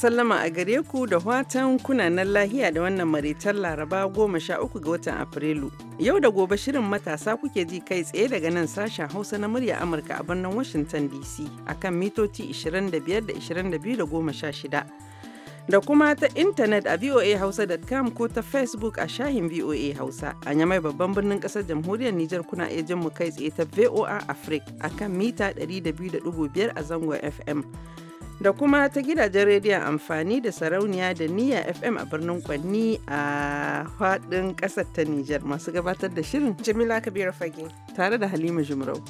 sallama a gare ku da watan kunanan lahiya da wannan maraitar laraba goma sha uku ga watan Afrilu. Yau da gobe shirin matasa kuke ji kai tsaye daga nan sashen Hausa na murya Amurka a birnin Washington DC akan mitoci 25 da 22 da sha shida. da kuma ta intanet a voa hausa.com ko ta facebook a shahin voa hausa a yamai babban birnin kasar jamhuriyar nijar kuna iya jin mu kai tsaye ta voa africa akan mita 102.5 a zango fm da kuma ta gidajen rediyon amfani da sarauniya da niyya fm a birnin kwanni a faɗin ƙasar ta Nijar masu gabatar da shirin Jamila Kabiru Fage tare da Halima Jumrau.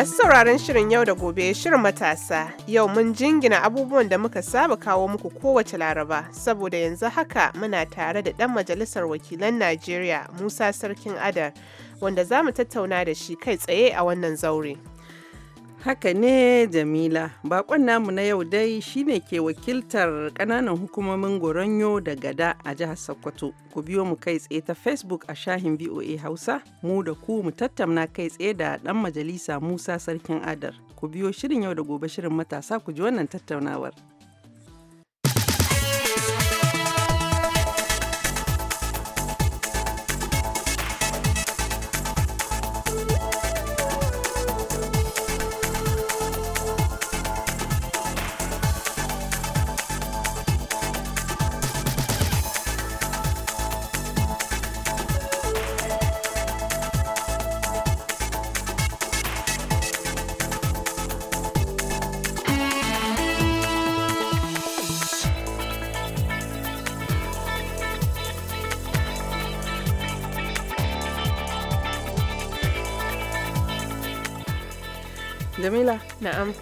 Masu sauraron shirin yau da gobe shirin matasa yau mun jingina abubuwan da muka saba kawo muku kowace laraba saboda yanzu haka muna tare da ɗan majalisar wakilan Najeriya Musa Sarkin Adar wanda za mu tattauna da shi kai tsaye a wannan zaure. Haka ne Jamila, bakon namu na yau dai shine ke wakiltar kananan hukumomin Goronyo da Gada a jihar Sokoto. Ku biyo mu kai tsaye ta Facebook a shahin VOA Hausa, mu da ku mu tattauna kai tsaye da dan majalisa Musa Sarkin Adar. Ku biyo shirin yau da gobe shirin matasa ku ji wannan tattaunawar. Jamila. Na'am.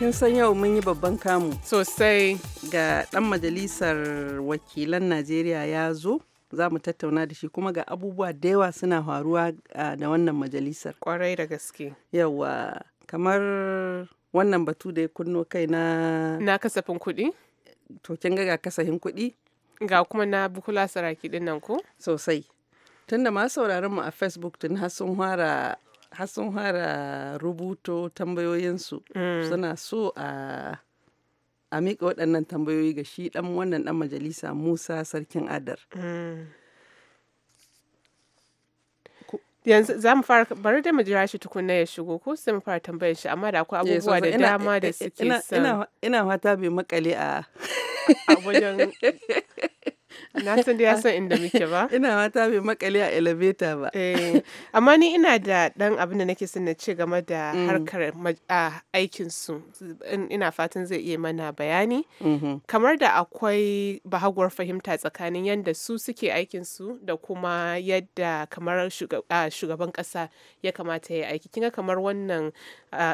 Kin san yau mun yi babban kamu. Sosai. Ga ɗan majalisar wakilan Najeriya ya zo. Za mu tattauna da shi kuma ga abubuwa da yawa suna faruwa da wannan majalisar. Kwarai da gaske. Yawa. Kamar wannan batu da ya kunno kai na... Na kasafin kuɗi? To kin ga kasafin kuɗi? Ga kuma na bukula saraki ɗin nan ko? Sosai. Tunda masu sauraron mu a Facebook tun har sun fara har sun fara rubuto tambayoyinsu mm. suna so a a miƙa waɗannan tambayoyi ga shi ɗan wannan ɗan majalisa musa sarkin adar mm. yanzu za mu fara bari da mu jira shi tukunna ya shigo ko sai mu fara tambayar shi amma da akwai abubuwa da dama da eh, eh, suke ina fata bai makale a wajen Na san dai san inda muke ba. Ina mata bai makale a elevator ba. Eh, amma ni ina da dan abin da nake son na ce game da mm. harkar aikinsu su. Ina fatan zai iya mana bayani. Mm-hmm. Kamar da akwai bahaguwar fahimta tsakanin yadda su suke aikin su da kuma yadda kamar shugaban kasa ya kamata ya aiki. Kinga kamar wannan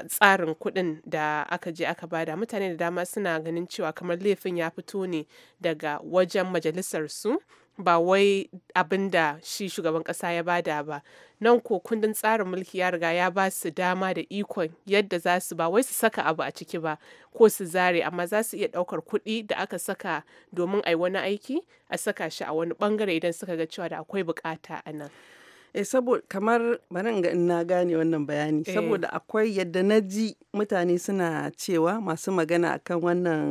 tsarin kuɗin da aka je aka bada mutane da dama suna ganin cewa kamar laifin ya fito ne daga wajen majalisar su ba wai abin da shi shugaban kasa ya bada ba nan ko kundin tsarin mulki ya riga ya ba su dama da ikon yadda za su ba wai su saka abu a ciki ba ko su zare amma za su iya daukar kuɗi da aka saka domin ai wani aiki a saka shi a wani bangare idan suka ga cewa da akwai bukata a nan Eh saboda kamar bari ga na gane wannan bayani eh. saboda akwai yadda na ji mutane suna cewa masu magana akan wannan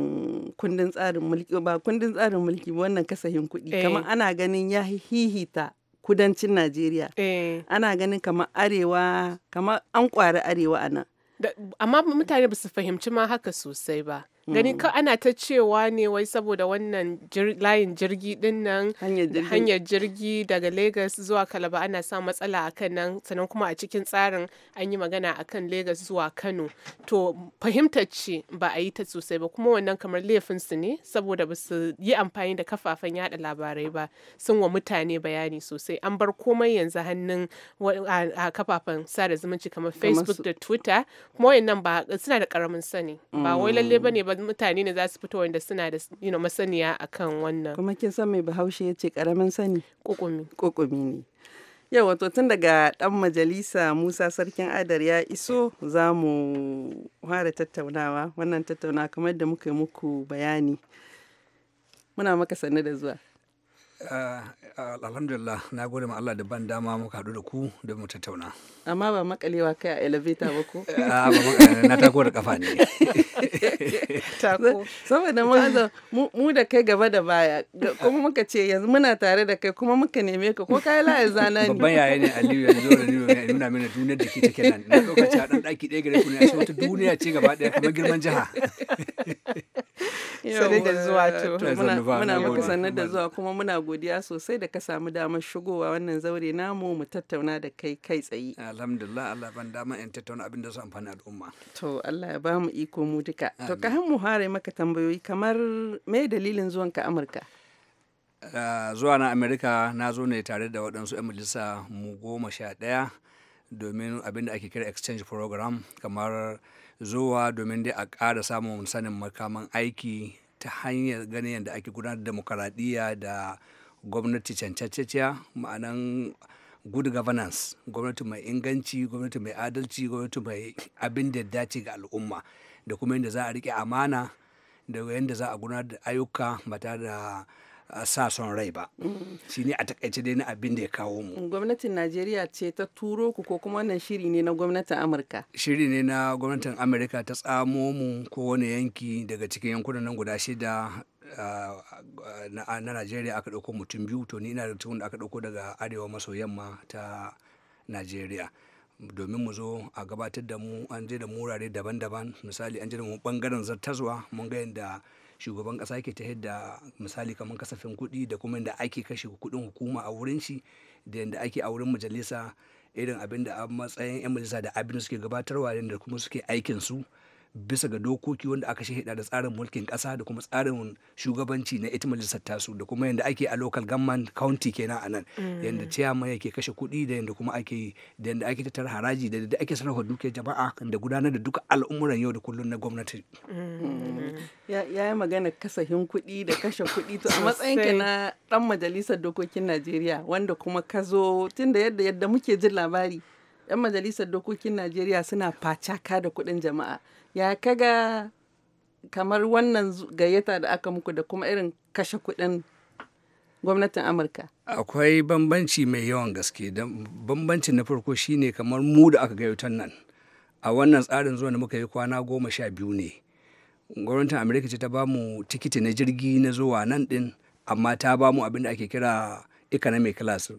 kundin tsarin mulki ba kundin tsarin mulki wannan kasahin kuɗi eh. kamar ana ganin ya hihita kudancin Najeriya. Eh. Ana ganin kamar arewa kamar an kwari arewa a nan. Amma mutane ba su fahimci ma haka sosai ba. gani mm. ka ana ta cewa ne wai saboda wannan layin jirgi din nan hanyar jirgi daga Lagos zuwa Kalaba ana sa matsala akan nan sannan kuma a cikin tsarin an yi magana akan Lagos zuwa Kano to fahimtar ce ba a yi ta sosai ba kuma wannan kamar laifinsu ne saboda ba su yi amfani da kafafen yada labarai ba sun wa mutane bayani sosai an bar komai yanzu hannun a kafafen sada zumunci kamar Facebook da Twitter kuma wayannan ba suna da karamin sani ba wai lalle bane ba mutane ne za su fito wanda suna da you know, masaniya akan wannan kuma kin san mai bahaushe yace ce karamin sani kokumi ne yau wato tun daga ɗan majalisa musa sarkin adar ya iso zamu mu fara tattaunawa wannan tattaunawa kamar da muka yi muku bayani muna maka sanne da zuwa Eh, eh, alhamdulillah na gode ma Allah da ban dama muka haɗu da ku da mu tattauna amma ba makalewa kai a elevator ba ko eh, a ba na tako da kafa ne tako saboda mu da kai gaba da baya kuma muka ce yanzu muna tare da kai kuma muka neme ka ko kai la'ayi zana ne babban yaya ne Aliyu yanzu da ya nuna mana duniyar da ke take nan na lokaci a ɗan ɗaki ɗaya gare ku ne a wata duniya ce gaba ɗaya kuma girman jiha sai da zuwa to muna muna muka sanar da zuwa kuma muna godiya sosai da ka samu damar shigowa wannan zaure namu mu tattauna da kai kai tsaye. Alhamdulillah Allah ban dama in tattauna abin da su amfani al'umma. To Allah ya bamu iko mu duka. To ka mu hare maka tambayoyi kamar me dalilin zuwanka Amurka? Ah, zuwa na Amerika na zo ne tare da waɗansu 'yan majalisa mu goma sha ɗaya domin abin da ake kira exchange program kamar zuwa domin dai a ƙara samun sanin makaman aiki ta hanyar ganin yadda ake gudanar da demokaradiyya da gwamnati cancanciya ma'anan good governance gwamnati mai inganci gwamnati mai adalci gwamnati mai abin da dace ga al'umma da kuma yadda za a rike amana da yadda za a gudanar da ayyuka ba tare da sa son rai ba shi ne a takaice dai na abin da ya kawo mu gwamnatin najeriya ce ta turo ku ko kuma wannan shiri ne na gwamnatin amurka shiri ne na gwamnatin amurka ta tsamo mu ko wani yanki daga cikin yankunan nan guda shida na najeriya aka ɗauko mutum biyu to ni ina da cikin da aka ɗauko daga arewa maso yamma ta najeriya domin mu zo a gabatar da mu an je da mu wurare daban-daban misali an je da mu bangaren zartaswa mun ga yadda shugaban ƙasa yake ta yadda misali kamar kasafin kuɗi da kuma yadda ake kashe kuɗin hukuma a wurin shi da yadda ake a wurin majalisa irin abin da a matsayin 'yan majalisa da abin suke gabatarwa da kuma suke aikin su bisa ga dokoki wanda aka shahida da tsarin mulkin ƙasa da kuma tsarin shugabanci na ita majalisar tasu da kuma yadda ake a local government county kenan a nan mm. yadda chairman yake kashe kuɗi da yadda kuma ake da yadda ake tattara haraji da yadda ake sarrafa dukiyar jama'a da gudanar da duka al'umuran yau da kullum na gwamnati. Mm. ya yi magana kasafin kuɗi da kashe kuɗi to a matsayin ki na dan majalisar dokokin najeriya wanda kuma ka zo tun da yadda yadda muke jin labari 'yan majalisar dokokin najeriya suna facaka da kuɗin jama'a ya kaga kamar wannan gayyata da aka muku da kuma irin kashe kuɗin gwamnatin amurka akwai bambanci mai yawan gaske bambanci na farko shine kamar mu da aka gayyatar nan a wannan tsarin zuwa da muka yi kwana goma sha biyu ne gwamnatin amurka ce ta ba mu tikiti na jirgi na zuwa nan din amma ta ba mu abin da ake kira economic class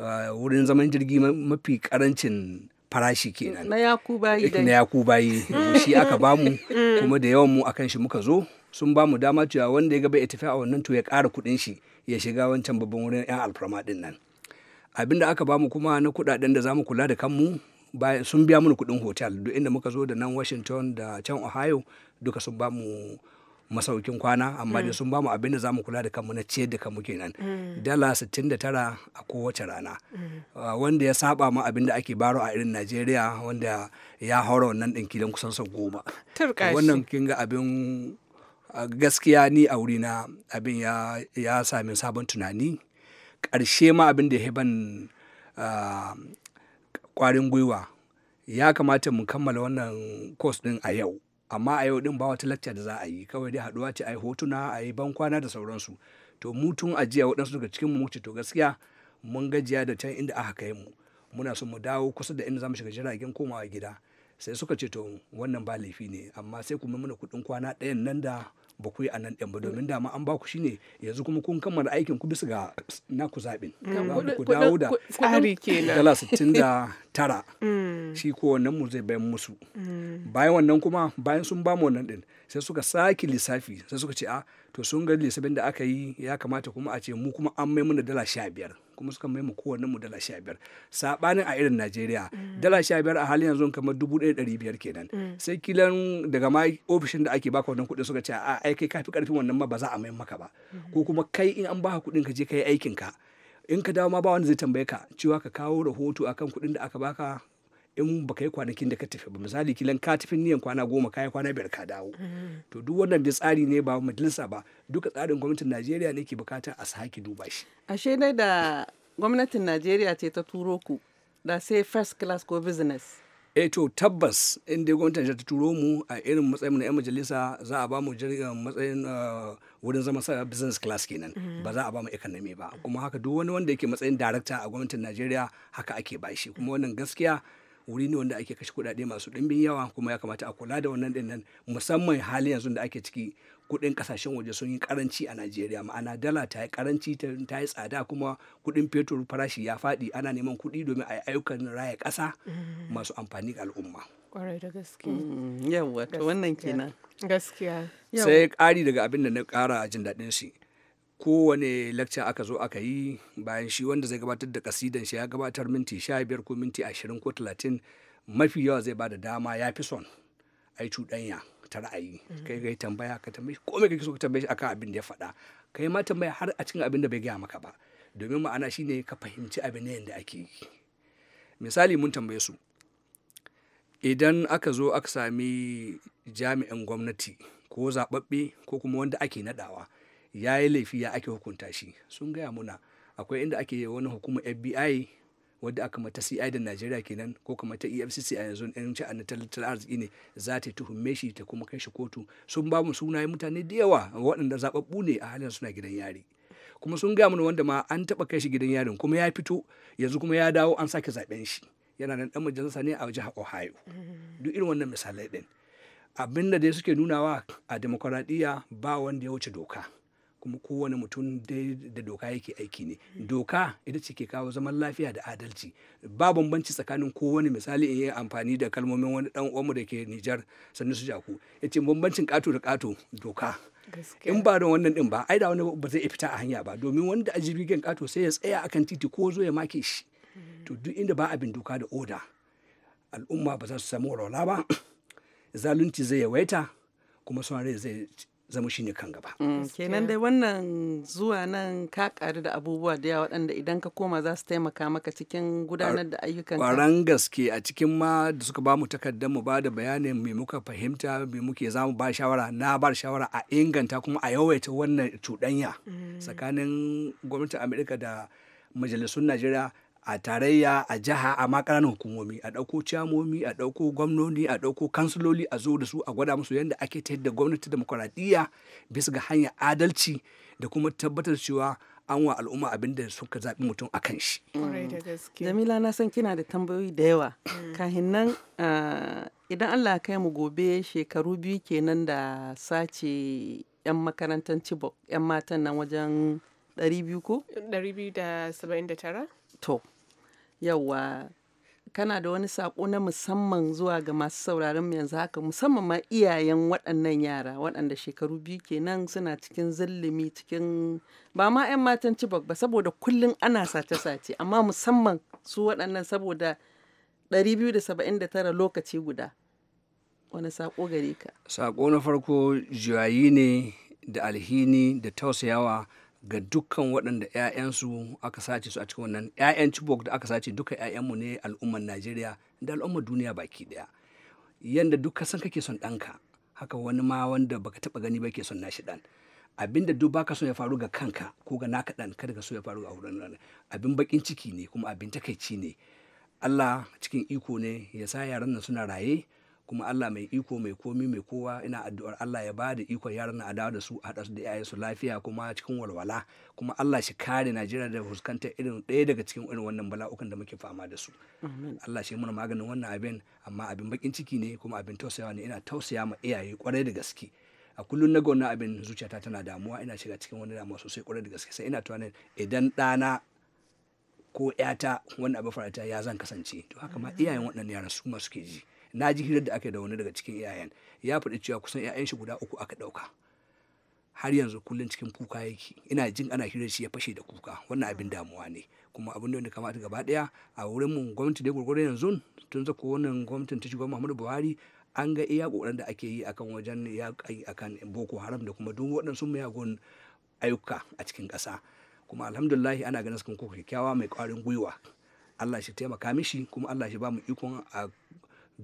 ah, wurin zaman jirgi mafi karancin farashi kenan na yaku bayi na yaku bayi shi aka bamu mm. kuma da yawan mu akan shi muka zo sun bamu dama cewa wanda ya gaba ya tafi a wannan to ya ƙara kuɗin shi ya shiga wancan babban wurin 'yan alfarma din nan abin da aka bamu kuma na kuɗaɗen da za mu kula da kanmu bayan sun biya mana kuɗin hotel duk inda muka zo da nan washington da can ohio duka sun bamu masaukin kwana amma dai mm. sun bamu abin da zamu kula da kanmu na ciyar da kanmu kenan mm. dala 69 a kowace rana mm. uh, wanda ya saba ma abin da ake baro a irin Najeriya wanda ya haura wannan din kilan kusan sau goma wannan kin ga abin gaskiya ni a wuri na abin ya ya sami sabon tunani ƙarshe ma abin da ya ban kwarin gwiwa ya kamata mu kammala wannan course ɗin a yau amma a yau din ba wata lacca da za a yi kawai dai haduwa ce a yi hotuna a yi bankwana da sauransu to mu tun ajiya waɗansu daga cikin mu wuce to gaskiya mun gajiya da can inda aka kai mu muna so mu dawo kusa da inda zamu shiga jiragen komawa gida sai suka ce to wannan ba laifi ne amma sai kuma mana kuɗin kwana ɗayan nan da ba ku yi a nan ɗin ba domin dama an ba ku ne yanzu kuma kun kammala aikin ku bisa ga na ku zaɓin ku dawo da tsari dala sittin da tara mm. shi ko wannan mu zai bayan musu mm. bayan wannan kuma bayan sun ba mu wannan ɗin sai suka sake lissafi sai suka ce a ah, to sun ga lissafin da aka yi ya kamata kuma a ce mu kuma an mai mana dala sha biyar kuma suka mai mu kowanne mu dala sha biyar sabanin a irin najeriya mm. dala sha biyar a halin yanzu kamar dubu ɗaya ɗari biyar kenan mm. sai kilan daga ma ofishin da ake baka wannan kuɗin suka ce a ah, ai kai kafi karfin wannan ma ba za a mai maka ba mm-hmm. ko kuma kai in an baka kuɗin ka je ka yi aikin ka in ka dawo ma ba wanda zai tambaye ka cewa ka kawo rahoto akan kuɗin da aka baka in baka yi kwanakin da ka tafi ba misali kilan ka tafi niyan kwana goma ka yi kwana biyar ka dawo mm-hmm. to duk wannan bai tsari ne ba majalisa ba duka tsarin gwamnatin najeriya ne ke bukata a sake duba shi ashe dai da gwamnatin najeriya ce ta turo ku da sai first class ko business eh to tabbas inda gwamnatin ta turo mu a irin matsayin na 'yan majalisa za a ba mu jirgin eh, matsayin eh, wurin zama sa business class kenan mm-hmm. ba za a ba mu economy ba kuma haka duk wani wanda yake matsayin director a gwamnatin Najeriya haka ake bashi kuma wannan gaskiya wuri ne wanda ake kashe kuɗaɗe masu ɗimbin yawa kuma ya kamata a kula da wannan ɗin nan musamman halin yanzu da ake ciki kuɗin kasashen waje sun yi karanci a najeriya ma'ana dala ta yi karanci ta yi tsada kuma kuɗin fetur farashi ya faɗi ana neman kuɗi domin a yi ayyukan raya ƙasa mm. masu amfani ga al'umma kwarai da gaske mm, wannan kenan gaskiya sai ƙari daga abin da na ƙara jin daɗin shi kowane lacca aka zo aka yi bayan shi wanda zai gabatar da kasidan shi ya gabatar minti 15 ko minti 20 ko 30 mafi yawa zai bada dama ya fi son ai cuɗanya ta ra'ayi kai kai tambaya ka tambaye ko me kake so ka tambaye aka akan abin da ya faɗa kai ma tambaya har a cikin abin da bai gaya maka ba domin ma'ana shine ka fahimci abin ne yadda ake yi misali mun tambaye su idan aka zo aka sami jami'in gwamnati ko zaɓaɓɓe ko kuma wanda ake naɗawa ya yi laifi ya ake hukunta shi sun gaya muna akwai inda ake wani hukumar fbi wadda aka mata ci da najeriya kenan ko kuma ta efcc a yanzu yan ci na tattalin arziki ne za ta tuhume shi ta kuma kai shi kotu sun ba mu sunayen mutane da yawa waɗanda zababbu ne a halin suna gidan yari kuma sun gaya mana wanda ma an taɓa kai shi gidan yarin kuma ya fito yanzu kuma ya dawo an sake zaɓen shi yana nan ɗan majalisa ne a jihar ohio duk irin wannan misalai ɗin abinda da dai suke nunawa a demokuraɗiyya ba wanda ya wuce doka kuma kowane mutum da doka yake aiki ne doka ita ce ke kawo zaman lafiya da adalci ba bambanci tsakanin kowane misali in yi amfani da kalmomin wani dan uwanmu da ke Nijar sannu su jaku yace bambancin kato da kato doka in ba da wannan din ba ai da wani ba zai fita a hanya ba domin wanda ajibi kato sai ya tsaya akan titi ko zo ya make shi hmm. to duk inda ba abin doka da oda al'umma ba za su samu walwala ba zalunci zai yawaita kuma sauran zai zama ne kan gaba mm, kenan dai wannan zuwa nan ka karu da abubuwa da yawa waɗanda idan ka koma za su taimaka maka cikin gudanar da ayyukan kwaran gaske a cikin ma da suka ba mu takardar mu ba da bayanin me muka fahimta me muke za mu ba shawara na ba shawara a inganta kuma a yawaita wannan cuɗanya mm. tsakanin gwamnatin amerika da majalisun najeriya a tarayya a jiha a makaranin hukumomi a ɗauko ciyamomi a ɗauko gwamnoni a ɗauko kansiloli a zo da su a gwada musu yadda ake ta yadda gwamnati demokuraɗiyya bisa ga hanyar adalci da kuma tabbatar cewa an wa al'umma abin da suka zaɓi mutum a kan shi. Mm. Jamila na san kina da tambayoyi da yawa. Mm. Kahin nan ah, idan Allah kai mu gobe shekaru biyu kenan da sace 'yan makarantar cibok 'yan matan nan wajen 200 ko? 279. To, Yawa kana da wani sako na musamman zuwa ga masu sauraron mu yanzu haka musamman ma iyayen waɗannan yara waɗanda shekaru biyu kenan suna cikin zillimi cikin ba ma 'yan matan ci ba saboda kullum ana sace-sace amma musamman su waɗannan saboda 279 lokaci guda. Wani saƙo gare ka? Saƙo na farko juyayi ne da alhini da tausayawa ga dukkan waɗanda 'ya'yansu aka sace su a cikin wannan 'ya'yan cibok da aka sace duka 'ya'yanmu ne al'ummar najeriya da al'ummar duniya baki ɗaya yadda duk kasan kake son ɗanka haka wani ma wanda baka taɓa gani ba ke son nashi ɗan abinda duk baka so ya faru ga kanka ko ga naka ɗan kada ka so ya faru a wurin abin bakin ciki ne kuma abin takaici ne Allah cikin iko ne ya sa yaran nan suna raye kuma Allah mai iko mai komi mai kowa ina addu'ar Allah ya bada ikon yaran na adawa da su a haɗa da su lafiya kuma cikin walwala kuma Allah shi kare Najeriya da fuskanta irin ɗaya daga cikin irin wannan bala'ukan da muke fama da su Allah shi muna maganin wannan abin amma abin bakin ciki ne kuma abin tausayawa ne ina tausaya ma iyaye kwarai da gaske a kullum na ga abin zuciyata tana damuwa ina shiga cikin wani damuwa sosai kwarai da gaske sai ina tunanin idan ɗana ko 'yata wani abin farata ya zan kasance to haka ma iyayen waɗannan yaran su ma suke ji na ji hirar da aka da wani daga cikin iyayen ya faɗi cewa kusan iyayen shi guda uku aka ɗauka har yanzu kullum cikin kuka yake ina jin ana hirar shi ya fashe da kuka wannan abin damuwa ne kuma abin da wanda kamata gaba daya a wurin mu gwamnati da gurgurin yanzu tun zako wannan gwamnatin ta shugaban Muhammadu Buhari an ga iya kokarin da ake yi akan wajen ya akan Boko Haram da kuma duk waɗansu miyagun ayyuka a cikin ƙasa kuma alhamdulillah ana ganin su kuma kyakkyawa mai ƙwarin gwiwa Allah shi taimaka mishi kuma Allah shi ba mu ikon a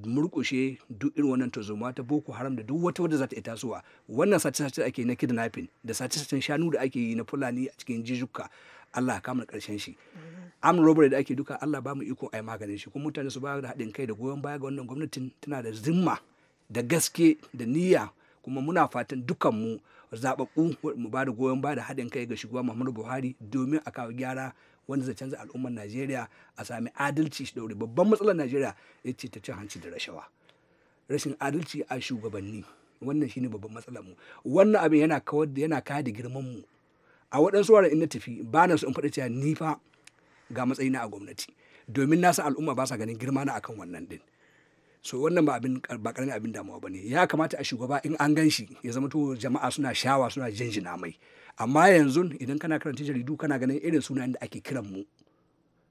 murkushe duk irin wannan tarzoma ta boko haram da duk wata wadda za ta iya tasowa wannan sace-sace ake na kidnapping da sace-sacen shanu da ake yi na fulani a cikin jijuka Allah kama karshen shi am robbery da ake duka Allah ba mu iko ai maganin shi kuma mutane su ba da haɗin kai da goyon baya ga wannan gwamnatin tana da zimma da gaske da niyya kuma muna fatan dukan mu zababbu mu ba da goyon baya da haɗin kai ga shugaba Muhammadu Buhari domin a kawo gyara wanda zai canza al'ummar najeriya a sami adalci shi daure babban matsalar najeriya ya ce ta cin hanci da rashawa rashin adalci a shugabanni wannan shine babban matsalar mu wannan abin yana kawar da yana kaya da girman mu a waɗansu wara in na tafi ba na su in faɗi cewa ni fa ga matsayina a gwamnati domin na san al'umma ba sa ganin girma na akan wannan din so wannan ba abin ba karamin abin damuwa bane ya kamata a shugaba in an gan shi ya zama to jama'a suna shawa suna jinjina mai amma yanzu idan kana karanta jaridu kana ganin irin sunayen da ake kiran mu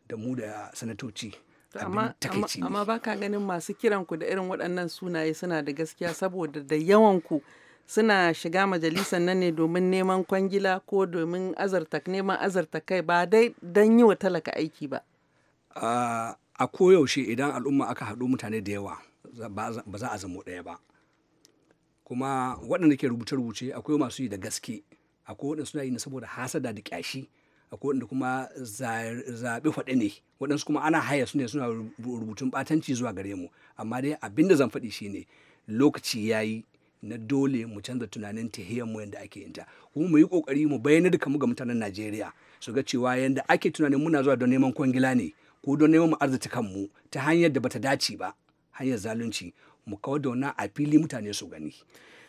da mu da sanatoci amma ba ka ganin masu kiran ku da irin waɗannan sunaye suna da gaskiya saboda da yawan ku suna shiga majalisar nan ne domin neman kwangila ko domin azarta neman azarta kai ba dai don yi wa talaka aiki ba ah, a koyaushe idan al'umma aka haɗu mutane da yawa ba za a zamo ɗaya ba kuma waɗanda ke rubuce-rubuce akwai masu yi da gaske akwai waɗanda suna yi na saboda hasada da ƙyashi akwai waɗanda kuma zaɓe faɗe ne waɗansu kuma ana haya su ne suna rubutun batanci zuwa gare mu amma dai abinda zan faɗi shine lokaci ya yi na dole mu canza tunanin tahiyar mu yadda ake yinta kuma mu yi kokari mu bayyana da kamu ga mutanen Najeriya su ga cewa yadda ake tunanin muna zuwa don neman kwangila ne ko don neman mu arziki kanmu ta hanyar da bata dace ba hanyar zalunci mu kawar da wannan a fili mutane su gani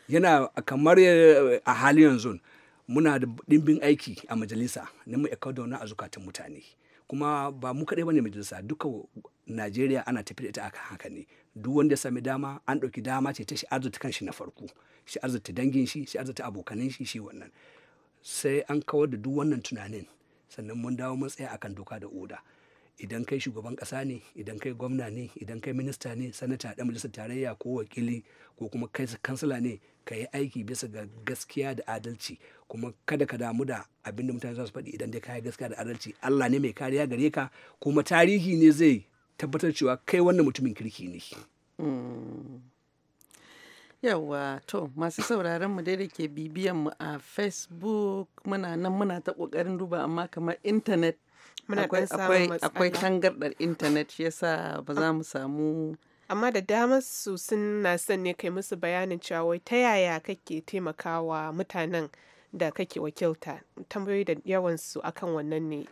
yana kamar eh, a halin yanzu muna da ɗimbin aiki a majalisa na mu kawar da wannan a zukatan mutane kuma ba mu kaɗai bane majalisa duka najeriya ana tafi da ita akan haka ne duk wanda ya sami dama an ɗauki dama ce ta shi arzuta kanshi na farko shi arziki dangin shi shi arziki abokanin shi shi wannan sai an kawar da duk wannan tunanin sannan mun dawo mun tsaya akan doka da oda idan kai shugaban kasa ne idan kai gwamna ne idan kai minista ne sanata dan majalisar tarayya ko wakili ko kuma kai kansila ne ka yi aiki bisa ga gaskiya da adalci kuma kada ka damu da abin da mutane za su faɗi idan dai ka yi gaskiya da adalci Allah ne mai kariya gare ka kuma tarihi ne zai tabbatar cewa kai wannan mutumin kirki ne. Hmm. yawa to masu sauraron mu da ke bibiyan mu a facebook muna nan muna ta kokarin duba amma kamar intanet akwai tangardar intanet yasa ba za mu samu amma da damar su suna son ne kai musu bayanin cewa ta yaya kake taimakawa mutanen da kake wakilta tambayoyi da yawansu akan wannan ne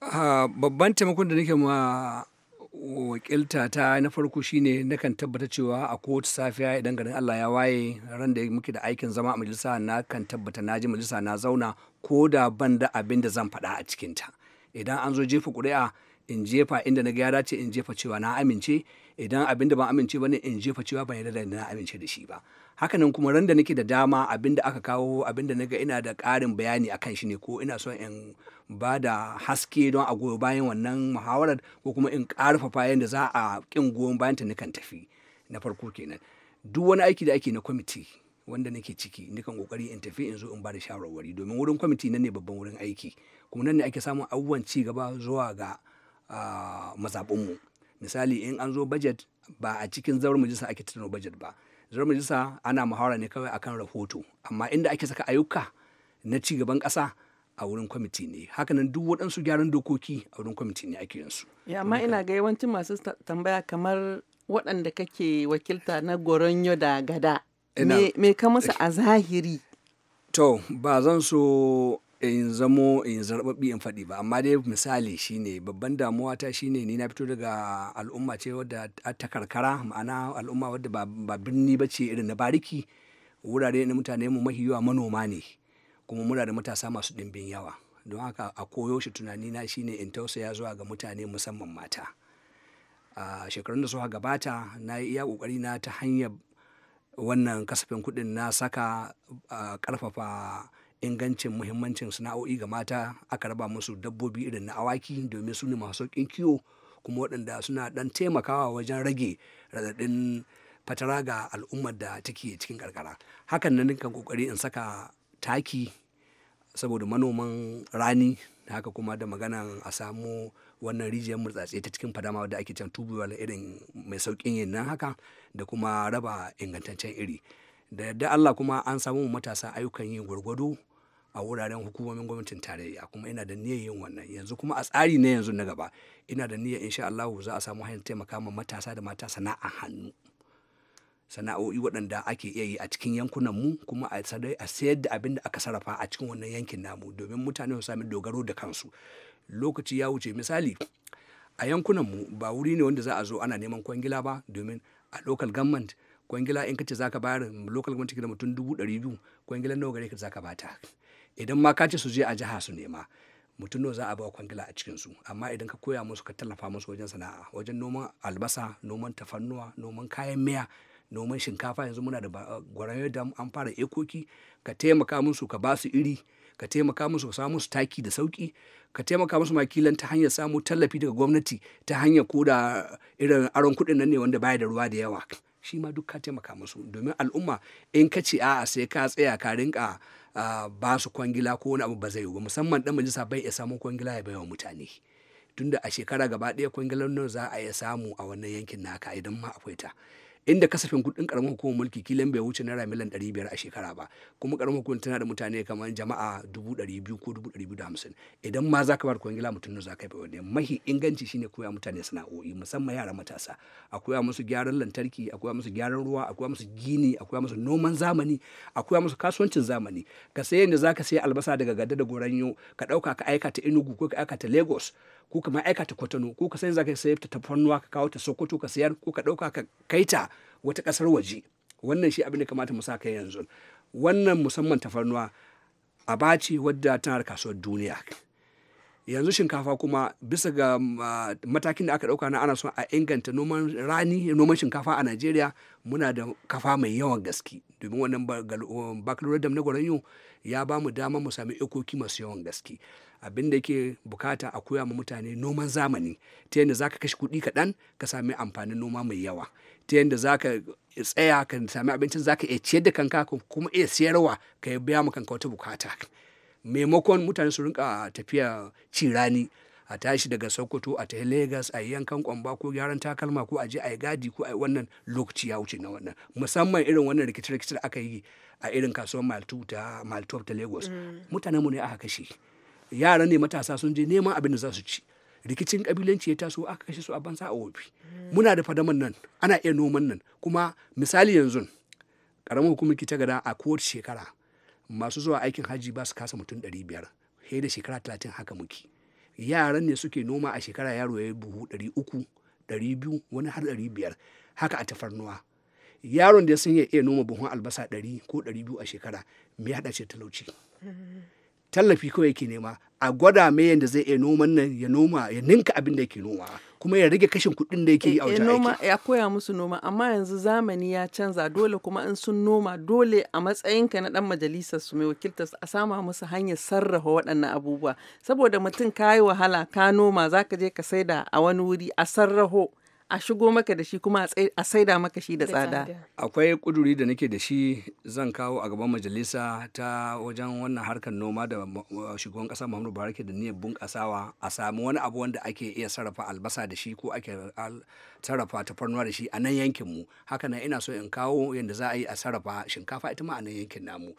ah, babban taimakon da nake ma wakilta ta na farko shine nakan tabbata cewa a kotu safiya idan garin Allah ya waye ran da muke da aikin zama a majalisa na kan tabbata na ji majalisa na zauna ko da ban da abin da zan faɗa a cikinta idan an zo jefa ƙuri'a in jefa inda na ga ya dace in jefa cewa na amince idan abinda da ban amince ba ne in jefa cewa ban yarda da na amince da shi ba hakanan kuma ran da nake da dama abinda aka kawo abinda da naga ina da ƙarin bayani akan shi ne ko ina son in ba da haske don a goyo bayan wannan muhawarar ko kuma in ƙarfafa yadda za a ƙin goyon bayan ta tafi na farko kenan duk wani aiki da ake na kwamiti wanda nake ciki nikan kokari in tafi in zo in ba da shawarwari domin wurin kwamiti nan ne babban wurin aiki kuma nan ne ake samun abubuwan ci gaba zuwa ga mazaɓinmu misali in an zo budget ba a cikin zaurin majalisa ake tattauna budget ba zaurin majalisa ana muhawara ne kawai akan rahoto amma inda ake saka ayyuka na ci gaban ƙasa a wurin kwamiti ne hakanan duk waɗansu gyaran dokoki a wurin kwamiti ne ake yin su amma ina ga yawancin masu tambaya kamar waɗanda kake wakilta na goronyo da gada me ka musu a zahiri to ba zan so in zamo in zarbabbi in faɗi ba amma dai misali shine babban damuwa ta shine ni na fito daga al'umma ce wadda ta karkara ma'ana al'umma wadda ba birni ba ce irin na bariki wurare na mutane mu mahi yawa manoma ne kuma muna da matasa masu ɗimbin yawa don haka a koyo shi tunani na shine in tausaya zuwa ga mutane musamman mata a shekarun da suka gabata na yi iya kokari na ta hanyar wannan kasafin kuɗin na saka ƙarfafa ingancin muhimmancin sana'o'i ga mata aka raba musu dabbobi irin na awaki domin su ne masu sauƙin kiwo kuma waɗanda suna ɗan taimakawa wajen rage raɗaɗin fatara ga al'ummar da take cikin karkara hakan nan kan kokari in saka taki saboda manoman rani haka kuma da magana a samu wannan rijiyar murtsatse ta cikin fadama da ake can tubuwar irin mai saukin yin nan haka da kuma raba ingantaccen iri da yadda allah kuma an samu matasa ayyukan yin gwargwado a wuraren hukumomin gwamnatin tarayya kuma ina da niyyar yin wannan yanzu kuma a tsari na yanzu na gaba ina da niyyar insha Allah za a samu hanyar taimaka ma matasa da mata sana'a hannu sana'o'i waɗanda ake iya yi a cikin yankunan mu kuma a sayar da abin da aka sarrafa a cikin wannan yankin namu domin mutane su sami dogaro da kansu lokaci ya wuce misali a yankunan mu ba wuri ne wanda za a zo ana neman kwangila ba domin a local government kwangila in kace zaka bayar local government da mutum dubu ɗari biyu kwangilan nawa gare ka zaka bata idan ma ka ce su je a jiha su nema mutum za a bawa kwangila a cikin su amma idan ka koya musu ka tallafa musu wajen sana'a wajen noman albasa noman tafannuwa noman kayan miya noman shinkafa yanzu muna da eh, gwarayar da an fara ekoki ka taimaka musu ka ba su iri ka taimaka musu ka samu su taki da sauki ka taimaka musu makilan ta hanyar samu tallafi daga gwamnati ta hanyar koda irin aron kuɗin nan ne wanda baya da ruwa da yawa shi ma duk ka taimaka musu domin al'umma in ka ce a'a sai ka tsaya ka rinka ba su kwangila ko wani abu ba zai yi ba musamman dan majalisa bai iya samun kwangila ya baiwa mutane tunda a shekara gaba ɗaya kwangilar nan za a iya samu a wannan yankin naka idan ma akwai ta inda kasafin kuɗin karamar hukumar mulki kilan bai wuce naira miliyan ɗari biyar a shekara ba kuma karamar hukumar tana da mutane kamar jama'a dubu ɗari biyu ko dubu ɗari biyu da hamsin idan ma za ka bar da kwangila mutum na za ka yi ba. mahi inganci shine koya mutane sana'o'i musamman yara matasa a koya musu gyaran lantarki a koya musu gyaran ruwa a koya musu gini a koya musu noman zamani a koya musu kasuwancin zamani ka sai yadda za ka sai albasa daga Gado da goranyo ka ɗauka ka aika ta enugu ko ka aika ta lagos ko ka aika ta kwatano ko ka sai za ka sai ta tafarnuwa ka kawo ta sokoto ka sayar ko ka ɗauka ka kai wata ƙasar waje wannan shi abin da kamata mu sa yanzu wannan musamman tafarnuwa a baci wadda tana da kasuwar duniya yanzu shinkafa kuma bisa ga um, matakin da aka dauka na ana son a inganta noman rani noman shinkafa a najeriya muna da kafa mai yawan gaske domin wannan baccalaureate um, na gwaranyo ya ba mu dama mu sami ikoki masu yawan gaske abin da yake bukata a koya ma mutane noman zamani ta yadda zaka kashe kuɗi kaɗan ka sami amfanin noma mai yawa ta yadda zaka tsaya ka sami abincin zaka iya ciyar da kanka kuma iya siyarwa ka biya ma kanka wata bukata maimakon mutane su rinka tafiya cirani a tashi daga sokoto a tahi lagos a yi yankan kwamba ko gyaran takalma ko a je a yi gadi ko a wannan lokaci ya wuce na wannan musamman irin wannan rikice-rikice aka yi a irin kasuwar maltu ta maltop lagos mm. mutanen mu ne aka kashe yara ne matasa sun je neman abin da za su ci rikicin kabilanci ya taso aka kashe su a banza a wofi muna da fadaman nan ana iya noman nan kuma misali yanzu karamar hukumar ta gada a kowace shekara masu zuwa aikin hajji ba su kasa mutum ɗari biyar sai da shekara talatin haka muke yaran ne suke noma a shekara yaro ya buhu ɗari uku ɗari biyu wani har ɗari biyar haka a tafarnuwa yaron da ya sun iya noma buhun albasa ɗari ko ɗari biyu a shekara me haɗa ce talauci tallafi kawai yake nema a gwada mai yadda zai iya noman nan ya noma ya ninka abin da yake noma kuma ya rage kashin kuɗin da yake yi a wajen eh, eh, noma ya koya musu noma amma yanzu zamani ya canza dole kuma in sun noma dole a matsayinka na dan majalisar su mai wakilta a sama musu hanyar sarrafa waɗannan abubuwa saboda mutum ka yi wahala ka noma zaka je ka saida a wani wuri a sarraho a shigo maka da shi kuma a saida maka shi da tsada akwai kuduri da nake da shi zan kawo a gaban majalisa ta wajen wannan harkar noma da shugaban kasa muhammadu buhari ke da niyyar bunkasawa a samu wani abu wanda ake iya sarrafa albasa da shi ko ake sarrafa tafarnuwa da shi a nan yankin mu haka nan ina so in kawo yadda za a yi a sarrafa shinkafa ita ma a nan yankin namu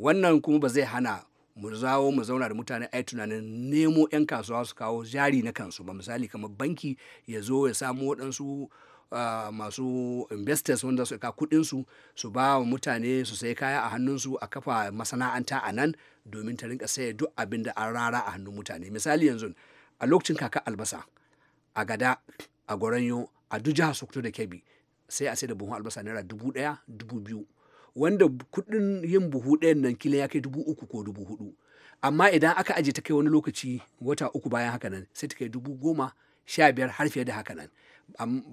wannan kuma ba zai hana mu zawo mu zauna da mutane ai tunanin nemo 'yan kasuwa su kawo jari na kansu ba misali kamar banki ya zo ya samu waɗansu masu investors wanda suka kuɗinsu su ba wa mutane su sai kaya a hannunsu a kafa masana'anta a nan domin ta rinka saya duk abin da an rara a hannun mutane misali yanzu a lokacin kaka albasa a gada a goranyo a duk jihar sokoto da kebbi sai a sai da buhun albasa naira dubu ɗaya dubu biyu wanda kudin yin buhu ɗayan nan kila ya kai dubu uku ko dubu hudu amma idan aka aje ta kai wani lokaci wata uku bayan haka nan sai ta kai dubu goma sha biyar har fiye da haka nan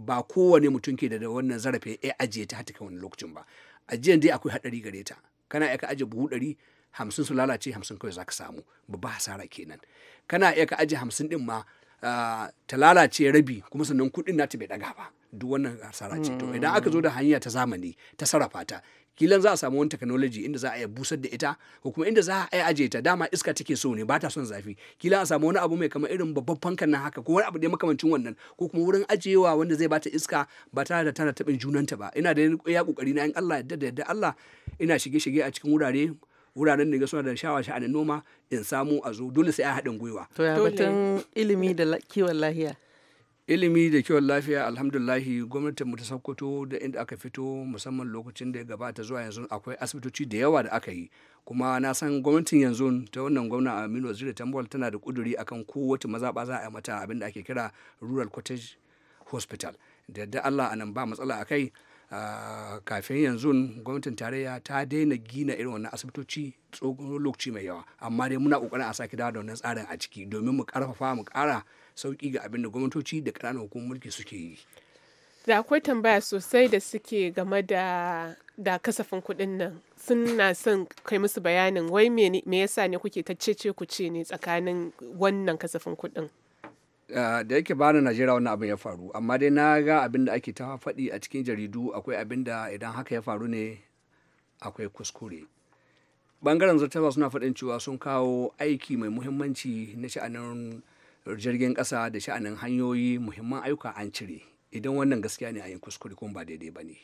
ba kowane mutum ke da wannan zarafin ya ajiye ta ta kai wani lokacin ba ajiyan dai akwai haɗari gare ta kana iya ka aje buhu ɗari hamsin su lalace hamsin kawai za ka samu babba hasara kenan kana iya ka aje hamsin din ma ah, ta lalace rabi kuma sannan kuɗin nata bai ɗaga ba duk wannan hasara ce to hmm. idan aka zo da hanya ta zamani ta sarrafa ta kilan za a samu wani technology inda za a iya busar da ita ko kuma inda za a iya aje ta dama iska take so ne ba ta son zafi kila a samu wani abu mai kamar irin babban fankan nan haka ko wani abu da makamancin wannan ko kuma wurin ajiyewa wanda zai bata iska ba tare da tana tabin junanta ba ina da ya kokari na in Allah yadda da yadda Allah ina shige shige a cikin wurare wuraren da suna da shawa sha'anin noma in samu a zo dole sai a haɗin gwiwa to ya batun ilimi da kiwon lahiya ilimi da kiwon lafiya alhamdulahi gwamnatin mu ta sokoto da inda aka fito musamman lokacin da ya gabata zuwa yanzu akwai asibitoci da yawa da aka yi kuma na san gwamnatin yanzu ta wannan gwamna aminu waziri tambol tana da kuduri akan kowace mazaɓa za a yi mata abin da ake kira rural cottage hospital da yadda allah anan ba matsala a kai kafin yanzu gwamnatin tarayya ta daina gina irin wannan asibitoci tsohon lokaci mai yawa amma dai muna kokarin a sake dawo da wannan tsarin a ciki domin mu karfafa mu kara sauki ga abin da gwamnatoci da ƙananan hukumar mulki suke yi da akwai tambaya sosai da suke game da da kasafin kuɗin nan suna son kai musu bayanin wai me yasa ne kuke ta cece ku ce ne tsakanin wannan kasafin kuɗin ah, da yake bani najeriya wannan abin ya faru amma dai na ga abin da ake ta faɗi a cikin jaridu akwai abin da idan haka ya faru ne akwai kuskure bangaren zartarwa suna faɗin cewa sun kawo aiki mai muhimmanci na sha'anin jirgin ƙasa da sha'anin hanyoyi muhimman ayyuka an cire idan wannan gaskiya ne a yin kuskure kuma ba daidai ba ne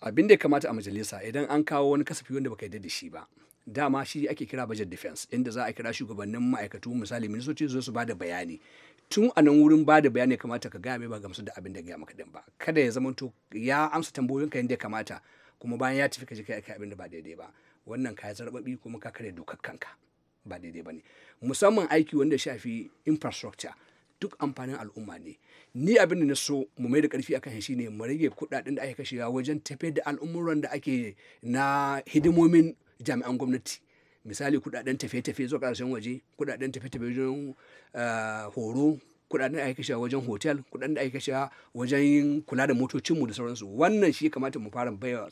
abin da ya kamata a majalisa idan an kawo wani kasafi wanda baka yarda da shi ba dama shi ake kira budget defense inda za a kira shugabannin ma'aikatu misali ministoci zo su bada bayani tun a nan wurin bada bayani kamata ka gaya mai ba gamsu da abin da gaya maka din ba kada ya zamanto ya amsa ka yadda ya kamata kuma bayan ya tafi ka je kai abin da ba daidai ba wannan ka zarbabi kuma ka kare dokar kanka ba daidai ba ne musamman aiki wanda shafi infrastructure duk amfanin al'umma ne ni abin da na so mu mai da karfi akan shi ne mu rage kudaden da ake kashewa wajen tafiyar da al'umuran da ake na hidimomin jami'an gwamnati misali kudaden tafiye-tafiye zuwa ƙarshen waje kudaden tafiye-tafiye wajen eh, horo kudaden da ake kashewa wajen hotel kudaden da ake kashewa wajen kula da motocinmu da sauransu wannan shi kamata mu fara baiwa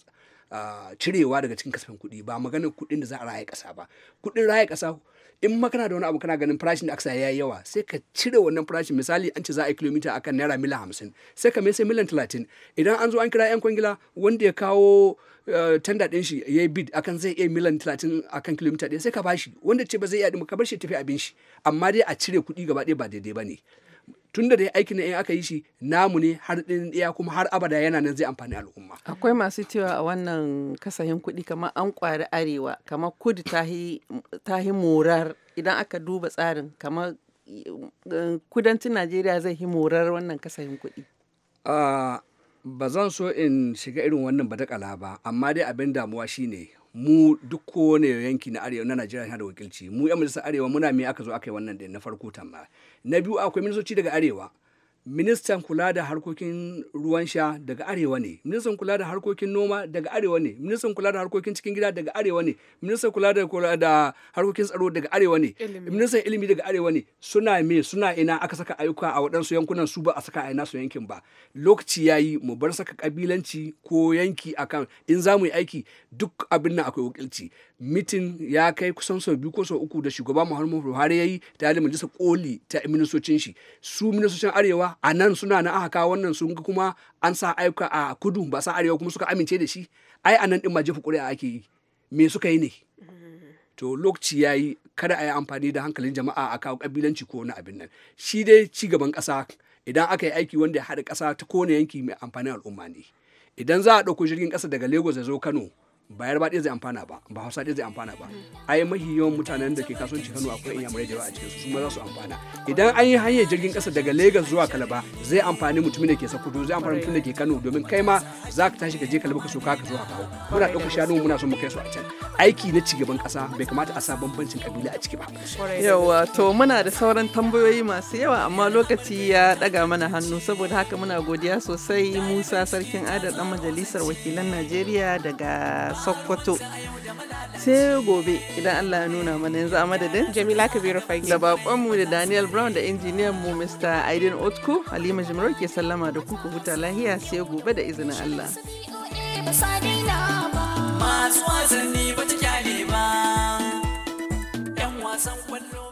cirewa daga cikin kasafin kuɗi ba maganar kuɗin da za a raya kasa ba kuɗin raya kasa in makana da wani abu kana ganin farashin da aka saya yayi yawa sai ka cire wannan farashin misali an ce za a yi kilomita akan naira miliyan hamsin sai ka mai sai miliyan talatin idan an zo an kira yan kwangila wanda ya kawo eh, tanda din shi ya yi bid akan zai iya miliyan talatin akan kilomita ɗaya sai ka bashi wanda ce ba zai iya ka bar shi tafi abin shi amma dai a cire kuɗi gaba ɗaya ba daidai ba ne tun da dai aikin in aka yi shi namu ne har ɗin iya kuma har abada yana nan zai amfani al'umma akwai masu cewa a wannan kasahin kuɗi kamar an kwari arewa kamar kudu ta yi morar idan aka duba tsarin kamar eh, kudancin najeriya zai yi morar wannan kasahin kuɗi ah, ba zan so in shiga irin wannan ba badakala ba amma dai abin damuwa shine mu duk kowane yanki na arewa na najeriya yana da wakilci mu yan majalisar arewa muna me aka zo aka yi wannan ɗin na farko tamma na biyu akwai ministoci daga arewa ministan kula da harkokin ruwan sha daga arewa ne ministan kula da harkokin noma daga arewa ne ministan kula da harkokin cikin gida daga arewa ne ministan kula da da harkokin tsaro daga arewa ne ministan ilimi daga arewa ne suna me suna ina aka saka ayyuka a waɗansu yankunan su ba a saka a su yankin ba lokaci yayi mu bar saka kabilanci ko yanki akan in za mu yi aiki duk abin nan akwai wakilci mitin ya kai kusan sau biyu ko sau uku da shugaba Muhammadu Buhari ya yi tare da majalisar koli ta ministocin shi su ministocin arewa a nan suna na aka kawo wannan sun kuma an sa aika a kudu ba sa arewa kuma suka amince da shi ai a nan din ma jefa ƙuri'a ake yi me suka yi ne to lokaci ya yi kada a yi amfani da hankalin jama'a a kawo kabilanci ko wani abin nan shi dai ci gaban ƙasa idan aka yi aiki wanda ya haɗa ƙasa ta kone yanki mai amfanin al'umma ne idan za a ɗauko jirgin ƙasa daga lagos ya zo kano ba yarba ɗaya zai amfana ba ba hausa ɗin zai amfana ba ai mahi yawan mutanen da ke kasuwanci kano akwai inyamurai da yawa a cikin su kuma za su amfana idan an yi hanyar jirgin ƙasa daga lagos zuwa kalaba zai amfani mutumin da ke sokoto zai amfani mutumin da ke kano domin kai ma za ka tashi ka je kalaba ka soka ka zo ka kawo muna ɗauka shanu muna son mu kai su a can aiki na cigaban ƙasa bai kamata a sa bambancin kabila a ciki ba. yawa to muna da sauran tambayoyi masu yawa amma lokaci ya ɗaga mana hannu saboda haka muna godiya sosai musa sarkin adadin majalisar wakilan najeriya daga Sokoto. Sai gobe idan Allah ya nuna mana yanzu a madadin. Jamila Kabiru Fage. Da bakonmu da Daniel Brown da injiniyan mu Mr. Aidin otku Halima Jimro ke sallama da kuka huta lahiya sai gobe da izinin Allah. Masu wasanni ba ta